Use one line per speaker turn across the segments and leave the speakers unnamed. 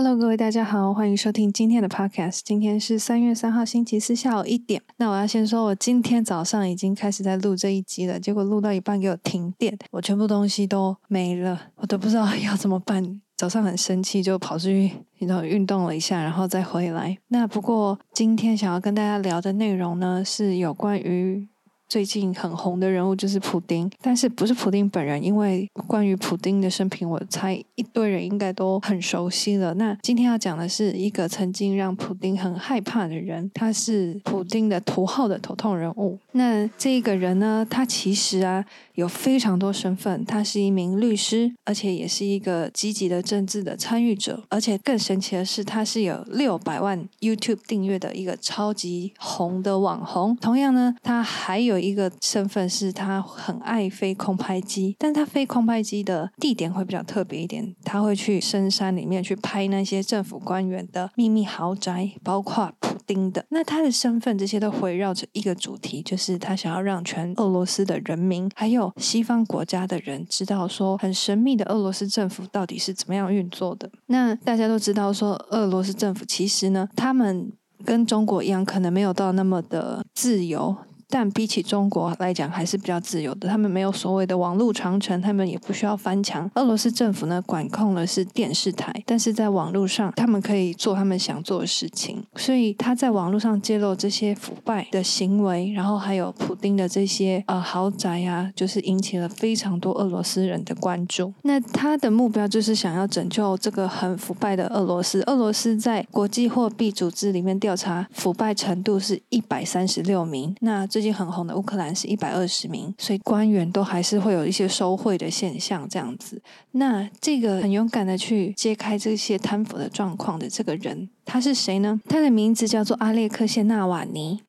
Hello，各位大家好，歡迎收聽今天的 Podcast。今天是三月三號星期四下午一點。那我要先說，我今天早上已經開始在錄這一集了，結果錄到一半給我停電，我全部東西都沒了，我都不知道要怎麼辦。早上很生氣，就跑出去然後運動了一下，然後再回來。那不過今天想要跟大家聊的內容呢，是有關於，最近很紅的人物就是普丁，但是不是普丁本人。因為關於普丁的生平，我猜一堆人應該都很熟悉了。那今天要講的是一個曾經讓普丁很害怕的人，他是普丁的頭號的頭痛人物。那這一個人呢，他其實啊有非常多身份，他是一名律師，而且也是一個積極的政治的參與者。而且更神奇的是，他是有六百萬 YouTube 訂閱的一個超級紅的網紅。同樣呢，他還有。一個身份是他很愛飛空拍機，但他飛空拍機的地點會比較特別一點，他會去深山裡面去拍那些政府官員的秘密豪宅，包括普丁的。那他的身份，這些都圍繞着一個主題，就是他想要讓全俄羅斯的人民還有西方國家的人知道，說很神秘的俄羅斯政府到底是怎麼樣運作的。那大家都知道，說俄羅斯政府其實呢，他們跟中國一樣，可能沒有到那麼的自由。但比起中國來講還是比較自由的，他們沒有所謂的網絡長城，他們也不需要翻牆。俄羅斯政府呢，管控的是電視台，但是在網絡上，他們可以做他們想做的事情。所以他在網絡上揭露這些腐敗的行為，然後還有普丁的這些呃豪宅呀、啊，就是引起了非常多俄羅斯人的關注。那他的目標就是想要拯救這個很腐敗的俄羅斯。俄羅斯在國際貨幣組織裡面調查腐敗程度是一百三十六名。那這最近很紅的烏克蘭是一百二十名，所以官員都還是會有一些收賄的現象這樣子。那這個很勇敢的去揭開這些貪腐的狀況的這個人，他是誰呢？他的名字叫做阿列克謝·納瓦尼。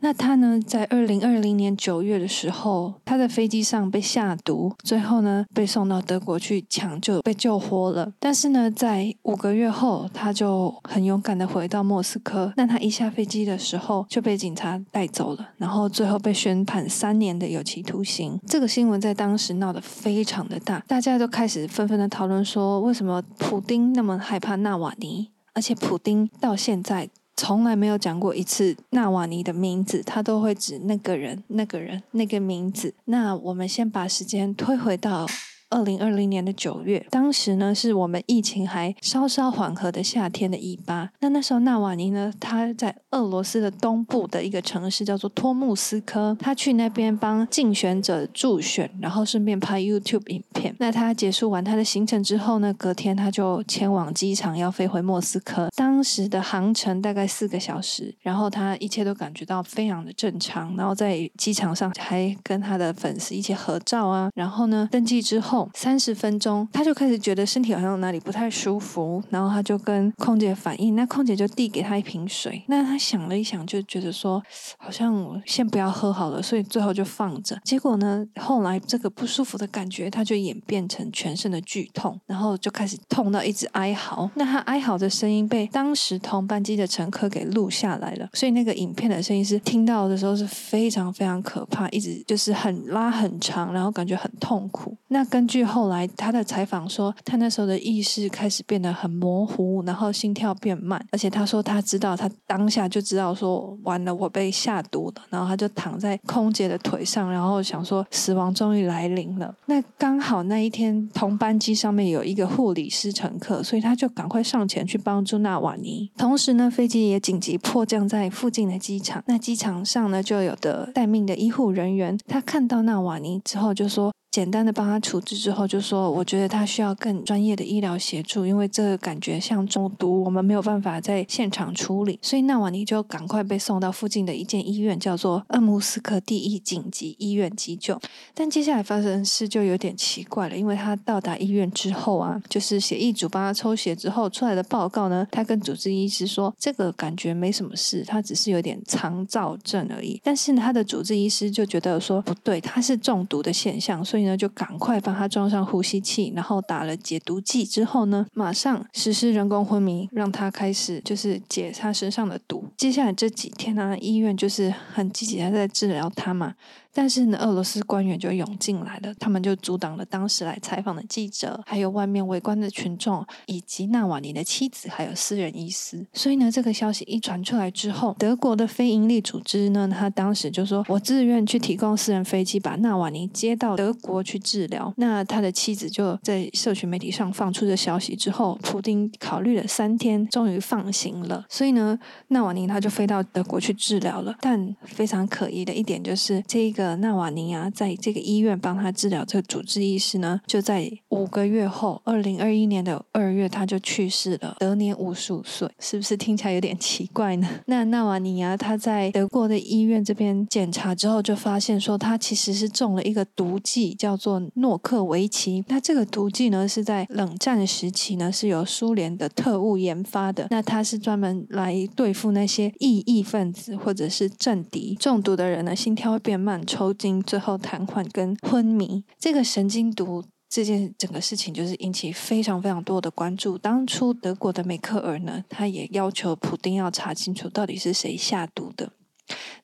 那他呢，在二零二零年九月的時候，他在飛機上被下毒，最後呢被送到德國去搶救，被救活了。但是呢，在五個月後，他就很勇敢的回到莫斯科。那他一下飛機的時候就被警察帶走了，然後最後被宣判三年的有期徒刑。這個新聞在當時鬧得非常的大，大家都開始紛紛的討論說，為什麼普丁那麼害怕納瓦尼？而且普丁到現在。從來沒有講過一次納瓦尼的名字，他都會指那個人、那個人、那個名字。那我們先把時間推回到。二零二零年的九月，當時呢是我們疫情還稍稍緩和的夏天的尾巴。那那時候納瓦尼呢，他在俄羅斯的東部的一個城市叫做托木斯克，他去那邊幫競選者助選，然後順便拍 YouTube 影片。那他結束完他的行程之後呢，隔天他就前往機場要飛回莫斯科。當時的航程大概四個小時，然後他一切都感覺到非常的正常，然後在機場上還跟他的粉絲一起合照啊。然後呢，登機之後。三十分鐘，他就開始覺得身體好像哪裡不太舒服，然後他就跟空姐反映，那空姐就遞給他一瓶水，那他想了一想，就覺得說好像我先不要喝好了，所以最後就放着。結果呢，後來這個不舒服的感覺，他就演變成全身的劇痛，然後就開始痛到一直哀嚎。那他哀嚎的聲音被當時同班機的乘客給錄下來了，所以那個影片的聲音是聽到的時候是非常非常可怕，一直就是很拉很長，然後感覺很痛苦。那根據據後來他的採訪說，他那時候的意識開始變得很模糊，然後心跳變慢，而且他說他知道他當下就知道說完了，我被下毒了。然後他就躺在空姐的腿上，然後想說死亡終於來臨了。那剛好那一天同班機上面有一個護理師乘客，所以他就趕快上前去幫助納瓦尼。同時呢，飛機也緊急迫降在附近的機場，那機場上呢，就有的待命的醫護人員，他看到納瓦尼之後就說，簡單的幫他處置之後，就說我覺得他需要更專業的醫療協助，因為這個感覺像中毒，我們沒有辦法在現場處理，所以那晚你就趕快被送到附近的一間醫院，叫做鄂木斯克第一緊急醫院急救。但接下來發生的事就有點奇怪了，因為他到達醫院之後啊，就是血液組幫他抽血之後出來的報告呢，他跟主治醫師說這個感覺沒什麼事，他只是有點腸燥症而已。但是呢，他的主治醫師就覺得說不對，他是中毒的現象，所以。那就趕快幫他裝上呼吸器，然後打了解毒劑之後呢，馬上實施人工昏迷，讓他開始就是解他身上的毒。接下來這幾天呢、啊，醫院就是很積極的在治療他嘛。但是呢，俄羅斯官員就湧進來了，他們就阻擋了當時來採訪的記者，還有外面圍觀的群眾，以及納瓦尼的妻子還有私人醫師。所以呢，這個消息一傳出來之後，德國的非營利組織呢，他當時就說：“我自願去提供私人飛機，把納瓦尼接到德國去治療。”那他的妻子就在社群媒體上放出這消息之後，普丁考慮了三天，終於放行了。所以呢，納瓦尼他就飛到德國去治療了。但非常可疑的一點就是這一個。納瓦尼亞在這個醫院幫他治療，這個主治醫師呢，就在五個月後，二零二一年的二月他就去世了，得年五十五歲，是不是聽起來有點奇怪呢？那納瓦尼亞他在德國的醫院這邊檢查之後，就發現說他其實是中了一個毒劑，叫做諾克維奇。那這個毒劑呢，是在冷戰時期呢，是由蘇聯的特務研發的，那他是專門來對付那些異議分子或者是政敵，中毒的人呢，心跳會變慢，抽筋，最後癱瘓跟昏迷，這個神經毒這件整個事情就是引起非常非常多的關注。當初德國的梅克爾呢，他也要求普丁要查清楚到底是誰下毒的。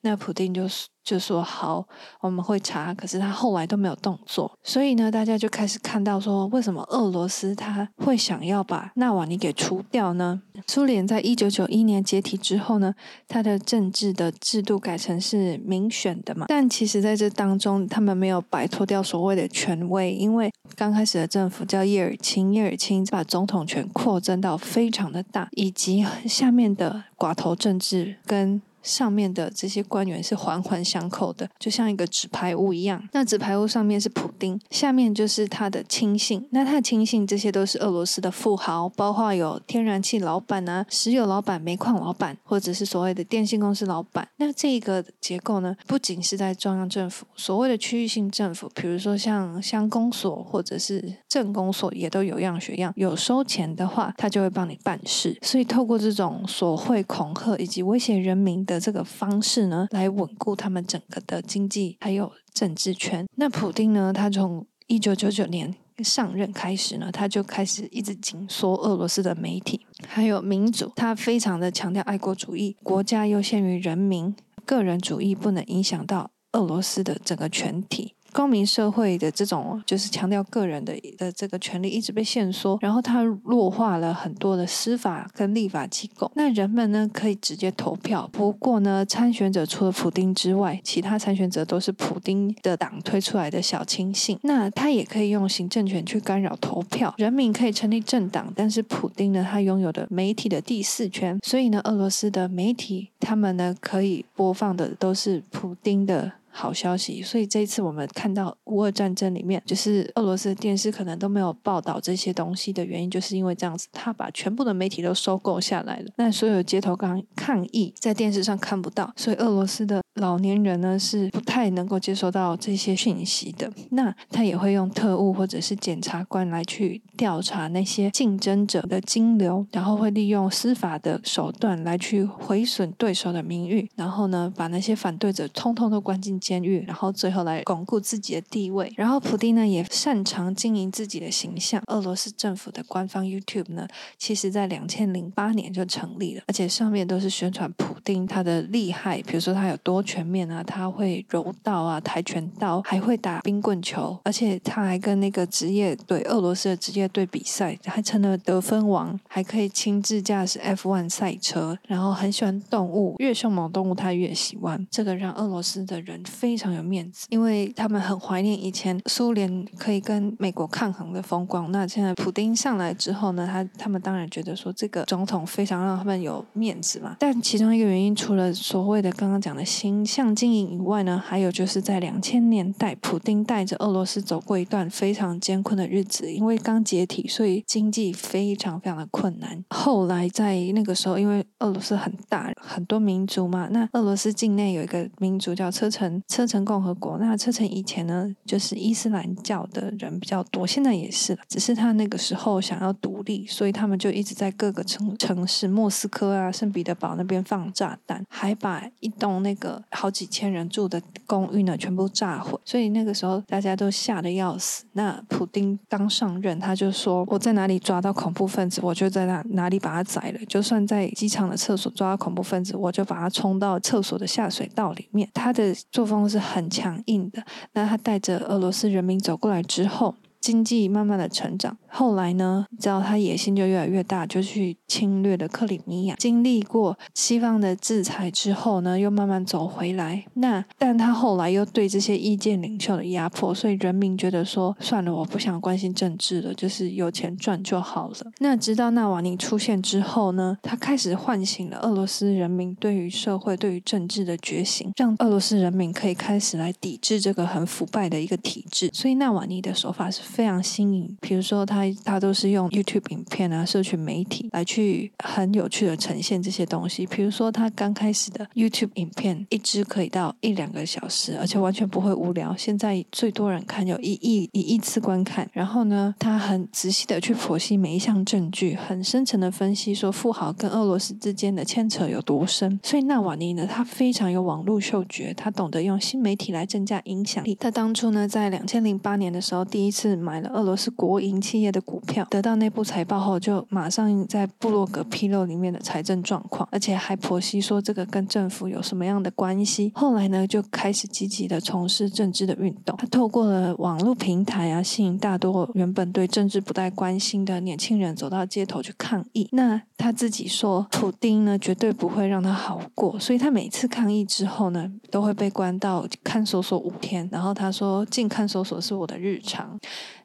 那普丁就是就說好，我們會查。可是他後來都沒有動作，所以呢，大家就開始看到說，為什麼俄羅斯他會想要把納瓦尼給除掉呢？蘇聯在一九九一年解體之後呢，他的政治的制度改成是民選的嘛。但其實在這當中，他們沒有擺脫掉所謂的權威，因為剛開始的政府叫葉爾欽，葉爾欽把總統權擴增到非常的大，以及下面的寡頭政治跟。上面的這些官員是環環相扣的，就像一個紙牌屋一樣。那紙牌屋上面是普丁，下面就是他的親信。那他的親信這些都是俄羅斯的富豪，包括有天然氣老闆啊、石油老闆、煤礦老闆，或者是所謂的電信公司老闆。那這個結構呢，不僅是在中央政府，所謂的區域性政府，比如說像鄉公所或者是鎮公所，也都有樣學樣，有收錢的話，他就會幫你辦事。所以透過這種索賄、恐嚇以及威脅人民的的這個方式呢，來穩固他們整個的經濟還有政治圈。那普丁呢，他從一九九九年上任開始呢，他就開始一直緊縮俄羅斯的媒體還有民主，他非常的強調愛國主義，國家優先於人民，個人主義不能影響到俄羅斯的整個全體。公民社會的這種就是強調個人的的這個權利一直被限縮，然後他弱化了很多的司法跟立法機構。那人們呢，可以直接投票，不過呢參選者除了普丁之外，其他參選者都是普丁的黨推出來的小親信。那他也可以用行政權去干擾投票。人民可以成立政黨，但是普丁呢，他擁有的媒體的第四權，所以呢俄羅斯的媒體他們呢可以播放的都是普丁的。好消息，所以這一次我們看到烏俄戰爭裡面，就是俄羅斯的電視可能都沒有報道這些東西的原因，就是因為這樣子，他把全部的媒體都收購下來了。那所有街頭抗抗議在電視上看不到，所以俄羅斯的老年人呢是不太能夠接收到這些訊息的。那他也會用特務或者是檢察官來去調查那些競爭者的金流，然後會利用司法的手段來去毀損對手的名譽，然後呢把那些反對者通通都關進。監獄，然後最後來鞏固自己的地位。然後普丁呢，也擅長經營自己的形象。俄羅斯政府的官方 YouTube 呢，其實，在兩千零八年就成立了，而且上面都是宣傳普丁他的厲害，比如說他有多全面啊，他會柔道啊、跆拳道，還會打冰棍球，而且他還跟那個職業隊俄羅斯的職業隊比賽，還成了得分王，還可以親自駕駛 F1 賽車。然後很喜歡動物，越兇猛動物他越喜歡。這個讓俄羅斯的人。非常有面子，因為他們很懷念以前蘇聯可以跟美國抗衡的風光。那現在普丁上來之後呢，他他們當然覺得說這個總統非常讓他們有面子嘛。但其中一個原因，除了所謂的剛剛講的形象經營以外呢，還有就是在兩千年代，普丁帶着俄羅斯走過一段非常艱困的日子，因為剛解體，所以經濟非常非常的困難。後來在那個時候，因為俄羅斯很大，很多民族嘛，那俄羅斯境內有一個民族叫車臣。車臣共和國，那車臣以前呢，就是伊斯蘭教的人比較多，現在也是，只是他那個時候想要獨立，所以他們就一直在各個城城市，莫斯科啊、聖彼得堡那邊放炸彈，還把一棟那個好幾千人住的公寓呢，全部炸毀，所以那個時候大家都嚇得要死。那普丁剛上任，他就說：“我在哪裡抓到恐怖分子，我就在哪哪裡把他宰了。就算在機場的廁所抓到恐怖分子，我就把他沖到廁所的下水道裡面。”他的做法。風是很強硬的。那他帶着俄羅斯人民走過來之後。經濟慢慢的成長，後來呢，只要他野心就越來越大，就去侵略了克里米亞。經歷過西方的制裁之後呢，又慢慢走回來。那但他後來又對這些意見領袖的壓迫，所以人民覺得說，算了，我不想關心政治了，就是有錢賺就好了。那直到納瓦尼出現之後呢，他開始喚醒了俄羅斯人民對於社會、對於政治的覺醒，讓俄羅斯人民可以開始來抵制這個很腐敗的一個體制。所以納瓦尼的手法是。非常新穎，比如說他他都是用 YouTube 影片啊，社群媒體來去很有趣的呈現這些東西。比如說他剛開始的 YouTube 影片，一支可以到一兩個小時，而且完全不會無聊。現在最多人看有一億一億次觀看。然後呢，他很仔細的去剖析每一項證據，很深層的分析說富豪跟俄羅斯之間的牽扯有多深。所以納瓦尼呢，他非常有網絡嗅覺，他懂得用新媒體來增加影響力。他當初呢，在兩千零八年的時候，第一次。買了俄羅斯國營企業的股票，得到內部財報後，就馬上在部落格披露裡面的財政狀況，而且還剖析說這個跟政府有什麼樣的關係。後來呢，就開始積極的從事政治的運動，他透過了網絡平台啊，吸引大多原本對政治不太關心的年輕人走到街頭去抗議。那他自己說，普丁呢絕對不會讓他好過，所以他每次抗議之後呢，都會被關到看守所五天，然後他說進看守所是我的日常。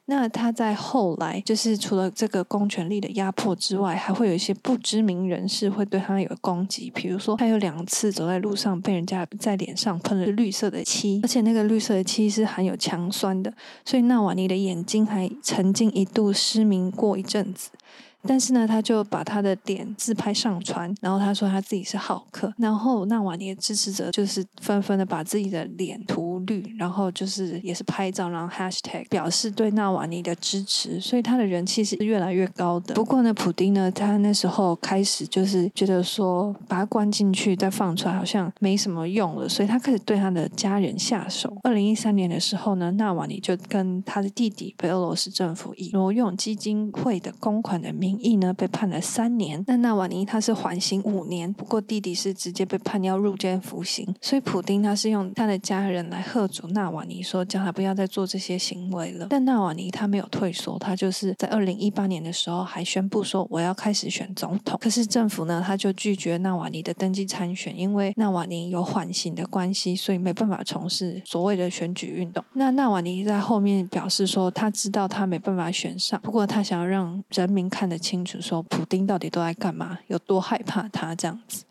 那他在後來，就是除了這個公權力的壓迫之外，還會有一些不知名人士會對他有攻擊。比如說，他有兩次走在路上被人家在臉上噴了綠色的漆，而且那個綠色的漆是含有強酸的，所以納瓦尼的眼睛還曾經一度失明過一陣子。但是呢，他就把他的臉自拍上傳，然後他說他自己是浩克，然後納瓦尼的支持者就是紛紛的把自己的臉塗綠，然後就是也是拍照，然後 hashtag 表示對納瓦尼的支持，所以他的人氣是越來越高的。不過呢，普丁呢，他那時候開始就是覺得說把他關進去再放出來好像沒什麼用了，所以他開始對他的家人下手。二零一三年的時候呢，納瓦尼就跟他的弟弟被俄羅斯政府以挪用基金會的公款的名意呢，被判了三年，那納瓦尼他是緩刑五年，不過弟弟是直接被判要入監服刑，所以普丁他是用他的家人來嚇阻納瓦尼說，說叫他不要再做這些行為了。但納瓦尼他沒有退縮，他就是在二零一八年的時候還宣布說我要開始選總統，可是政府呢，他就拒絕納瓦尼的登記參選，因為納瓦尼有緩刑的關係，所以沒辦法從事所謂的選舉運動。那納瓦尼在後面表示說他知道他沒辦法選上，不過他想要讓人民看得見清楚說，普丁到底都在幹嘛？有多害怕他這樣子。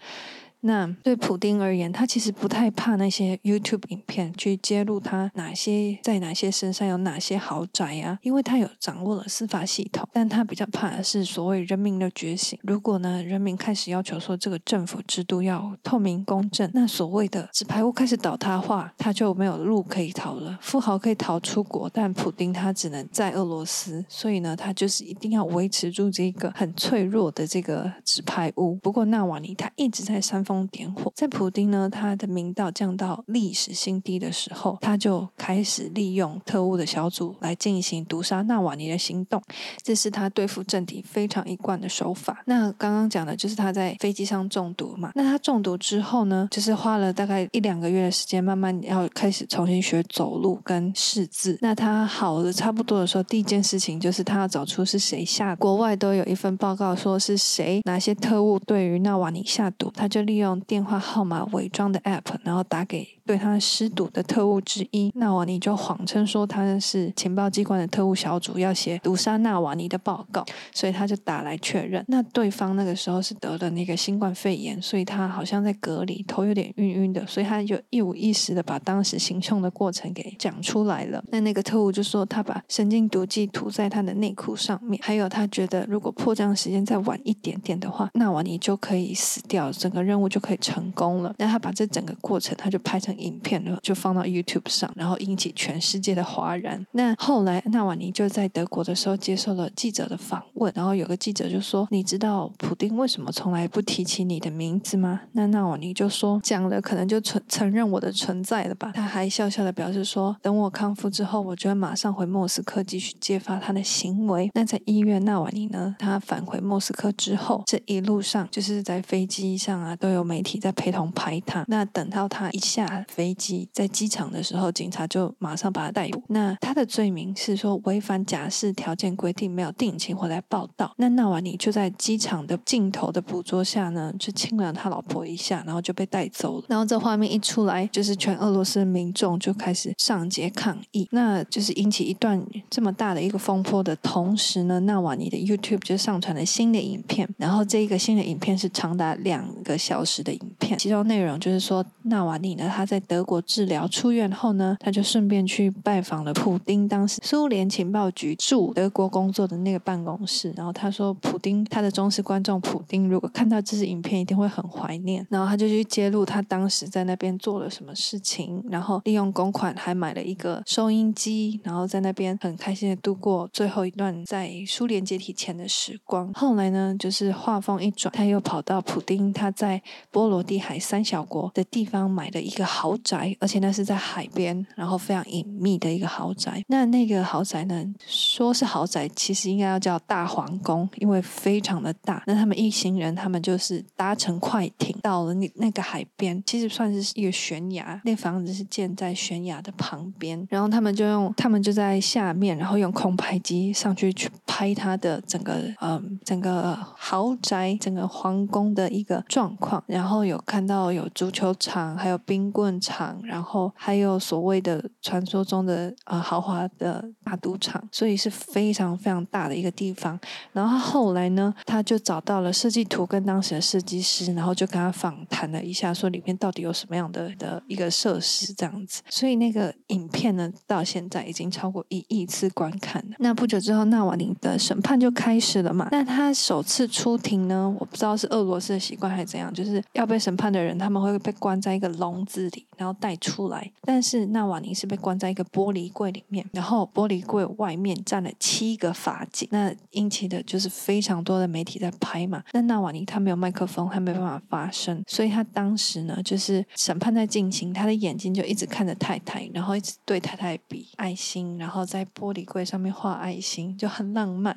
那對普丁而言，他其實不太怕那些 YouTube 影片，去揭露他哪些在哪些身上有哪些豪宅啊，因為他有掌握了司法系統，但他比較怕的是所謂人民的覺醒。如果呢人民開始要求說這個政府制度要透明公正，那所謂的紙牌屋開始倒塌的話，他就沒有路可以逃了。富豪可以逃出國，但普丁他只能在俄羅斯，所以呢他就是一定要維持住這個很脆弱的這個紙牌屋。不過納瓦尼他一直在煽風點火，在普丁呢，他的民調降到歷史新低的時候，他就開始利用特務的小組來進行毒殺納瓦尼的行動。這是他對付政敵非常一貫的手法。那剛剛講的就是他在飛機上中毒嘛？那他中毒之後呢，就是花了大概一兩個月的時間，慢慢要開始重新學走路跟識字。那他好的差不多的時候，第一件事情就是他要找出是誰下毒。國外都有一份報告說是誰哪些特務對於納瓦尼下毒，他就立。用電話號碼偽裝的 app，然後打給對他施毒的特務之一，納瓦尼就謊稱說他是情報機關的特務小組要寫毒殺納瓦尼的報告，所以他就打來確認。那對方那個時候是得了那個新冠肺炎，所以他好像在隔離，頭有點暈暈的，所以他就一五一十的把當時行兇的過程給講出來了。那那個特務就說他把神經毒劑塗在他的內褲上面，還有他覺得如果迫降時間再晚一點點的話，納瓦尼就可以死掉，整個任務就可以成功了。那他把這整個過程他就拍成。影片呢就放到 YouTube 上，然後引起全世界的嘩然。那後來納瓦尼就在德國的時候接受了記者的訪問，然後有個記者就說：“你知道普丁為什麼從來不提起你的名字嗎？”那納瓦尼就說：“講了，可能就承承認我的存在了吧。”他還笑笑的表示說：“等我康復之後，我就會馬上回莫斯科繼續揭發他的行為。”那在醫院，納瓦尼呢，他返回莫斯科之後，這一路上就是在飛機上啊，都有媒體在陪同拍他。那等到他一下。飛機在機場的時候，警察就馬上把他逮捕。那他的罪名是說違反假釋條件規定，沒有定期回來報到。那納瓦尼就在機場的鏡頭的捕捉下呢，就親了他老婆一下，然後就被帶走了。然後這畫面一出來，就是全俄羅斯的民眾就開始上街抗議，那就是引起一段這麼大的一個風波的同時呢，納瓦尼的 YouTube 就上傳了新的影片，然後這一個新的影片是長達兩個小時的影片，其中內容就是說納瓦尼呢，他在在德國治療出院後呢，他就順便去拜訪了普丁當時蘇聯情報局駐德國工作的那個辦公室。然後他說，普丁他的忠實觀眾，普丁如果看到這支影片一定會很懷念。然後他就去揭露他當時在那邊做了什麼事情，然後利用公款還買了一個收音機，然後在那邊很開心的度過最後一段在蘇聯解體前的時光。後來呢，就是話鋒一轉，他又跑到普丁他在波羅的海三小國的地方買了一個好豪宅，而且那是在海邊，然後非常隱秘的一個豪宅。那那個豪宅呢，說是豪宅，其實應該要叫大皇宮，因為非常的大。那他們一行人，他們就是搭乘快艇到了那那個海邊，其實算是一個懸崖。那房子是建在懸崖的旁邊，然後他們就用他們就在下面，然後用空拍機上去去拍他的整個嗯、呃、整個豪宅、整個皇宮的一個狀況。然後有看到有足球場，還有冰棍場，然後還有所謂的傳說中的呃豪華的大賭場，所以是非常非常大的一個地方。然後後來呢，他就找到了設計圖跟當時的設計師，然後就跟他訪談了一下，說裡面到底有什麼樣的的一個設施這樣子。所以那個影片呢，到現在已經超過一億次觀看了。那不久之後，納瓦尼的審判就開始了嘛。那他首次出庭呢，我不知道是俄羅斯的習慣還是怎樣，就是要被審判的人，他們會被關在一個籠子裡。然後帶出來，但是納瓦尼是被關在一個玻璃櫃裡面，然後玻璃櫃外面站了七個法警。那引起的就是非常多的媒體在拍嘛。那納瓦尼他沒有麥克風，他沒辦法發聲，所以他當時呢就是審判在進行，他的眼睛就一直看着太太，然後一直對太太比愛心，然後在玻璃櫃上面畫愛心，就很浪漫。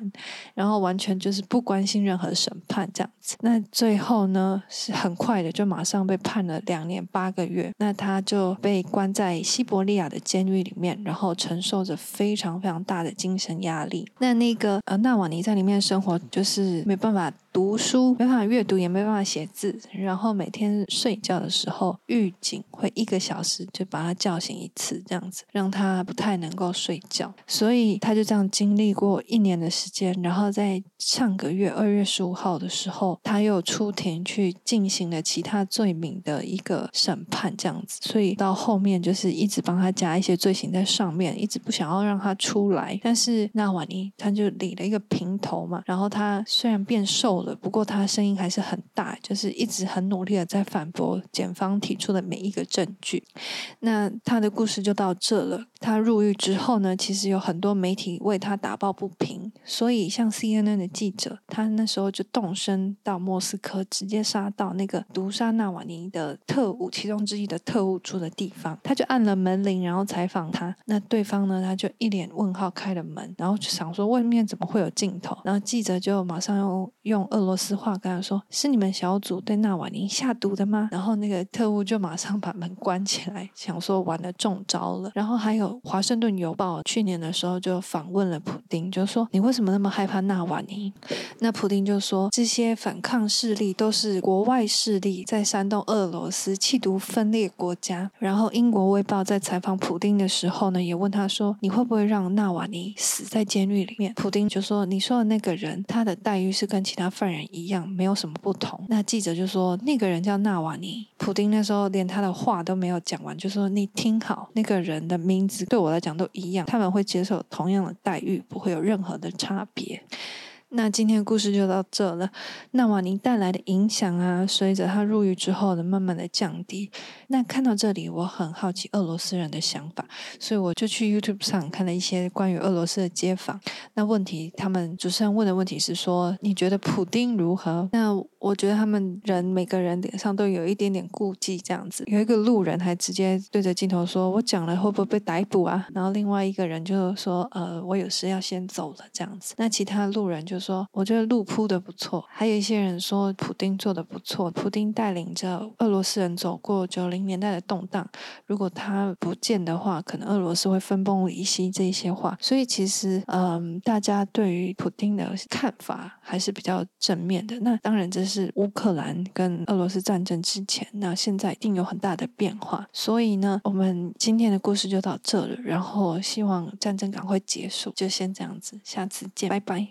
然後完全就是不關心任何審判這樣子。那最後呢是很快的就馬上被判了兩年八個月。那那他就被關在西伯利亞的監獄裡面，然後承受着非常非常大的精神壓力。那那個呃，納瓦尼在裡面生活，就是沒辦法。讀書沒辦法閱讀，也沒辦法寫字，然後每天睡覺的時候，獄警會一個小時就把他叫醒一次，這樣子讓他不太能夠睡覺，所以他就這樣經歷過一年的時間，然後在上個月二月十五號的時候，他又出庭去進行了其他罪名的一個審判，這樣子，所以到後面就是一直幫他加一些罪行在上面，一直不想要讓他出來，但是納瓦尼他就理了一個平頭嘛，然後他雖然變瘦了。不過他的聲音還是很大，就是一直很努力的在反駁檢方提出的每一個證據。那他的故事就到這了。他入獄之後呢，其實有很多媒體為他打抱不平，所以像 CNN 的記者，他那時候就動身到莫斯科，直接殺到那個毒殺納瓦尼的特務其中之一的特務住的地方，他就按了門鈴，然後採訪他。那對方呢，他就一臉問號開了門，然後就想說外面怎麼會有鏡頭？然後記者就馬上又用。俄羅斯話跟他說：“是你們小組對納瓦尼下毒的嗎？”然後那個特務就馬上把門關起來，想說完了中招了。然後還有《華盛頓郵報》去年的時候就訪問了普丁，就說：“你為什麼那麼害怕納瓦尼？”那普丁就說：“這些反抗勢力都是國外勢力在煽動俄羅斯，企圖分裂國家。”然後《英國衛報》在採訪普丁的時候呢，也問他說：“你會不會讓納瓦尼死在監獄裡面？”普丁就說：“你說的那個人，他的待遇是跟其他……”犯人一樣，沒有什麼不同。那記者就說：“那個人叫納瓦尼。”普丁那時候連他的話都沒有講完，就說：“你聽好，那個人的名字對我來講都一樣，他們會接受同樣的待遇，不會有任何的差別。”那今天故事就到這了。納瓦尼帶來的影響啊，隨着他入獄之後的慢慢的降低。那看到這裡，我很好奇俄羅斯人的想法，所以我就去 YouTube 上看了一些關於俄羅斯的街訪。那問題，他們主持人問的問題是說，你覺得普丁如何？那我覺得他們人每個人臉上都有一點點顧忌，這樣子。有一個路人還直接對着鏡頭說：“我講了會不會被逮捕啊？”然後另外一個人就說：“呃，我有事要先走了。”這樣子。那其他路人就是。說我覺得路鋪的不錯，還有一些人說普丁做得不錯，普丁帶領着俄羅斯人走過九零年代的動盪，如果他不見的話，可能俄羅斯會分崩離析。這些話，所以其實嗯、呃，大家對於普丁的看法還是比較正面的。那當然這是烏克蘭跟俄羅斯戰爭之前，那現在一定有很大的變化。所以呢，我們今天的故事就到這了，然後希望戰爭趕快結束，就先這樣子，下次見，拜拜。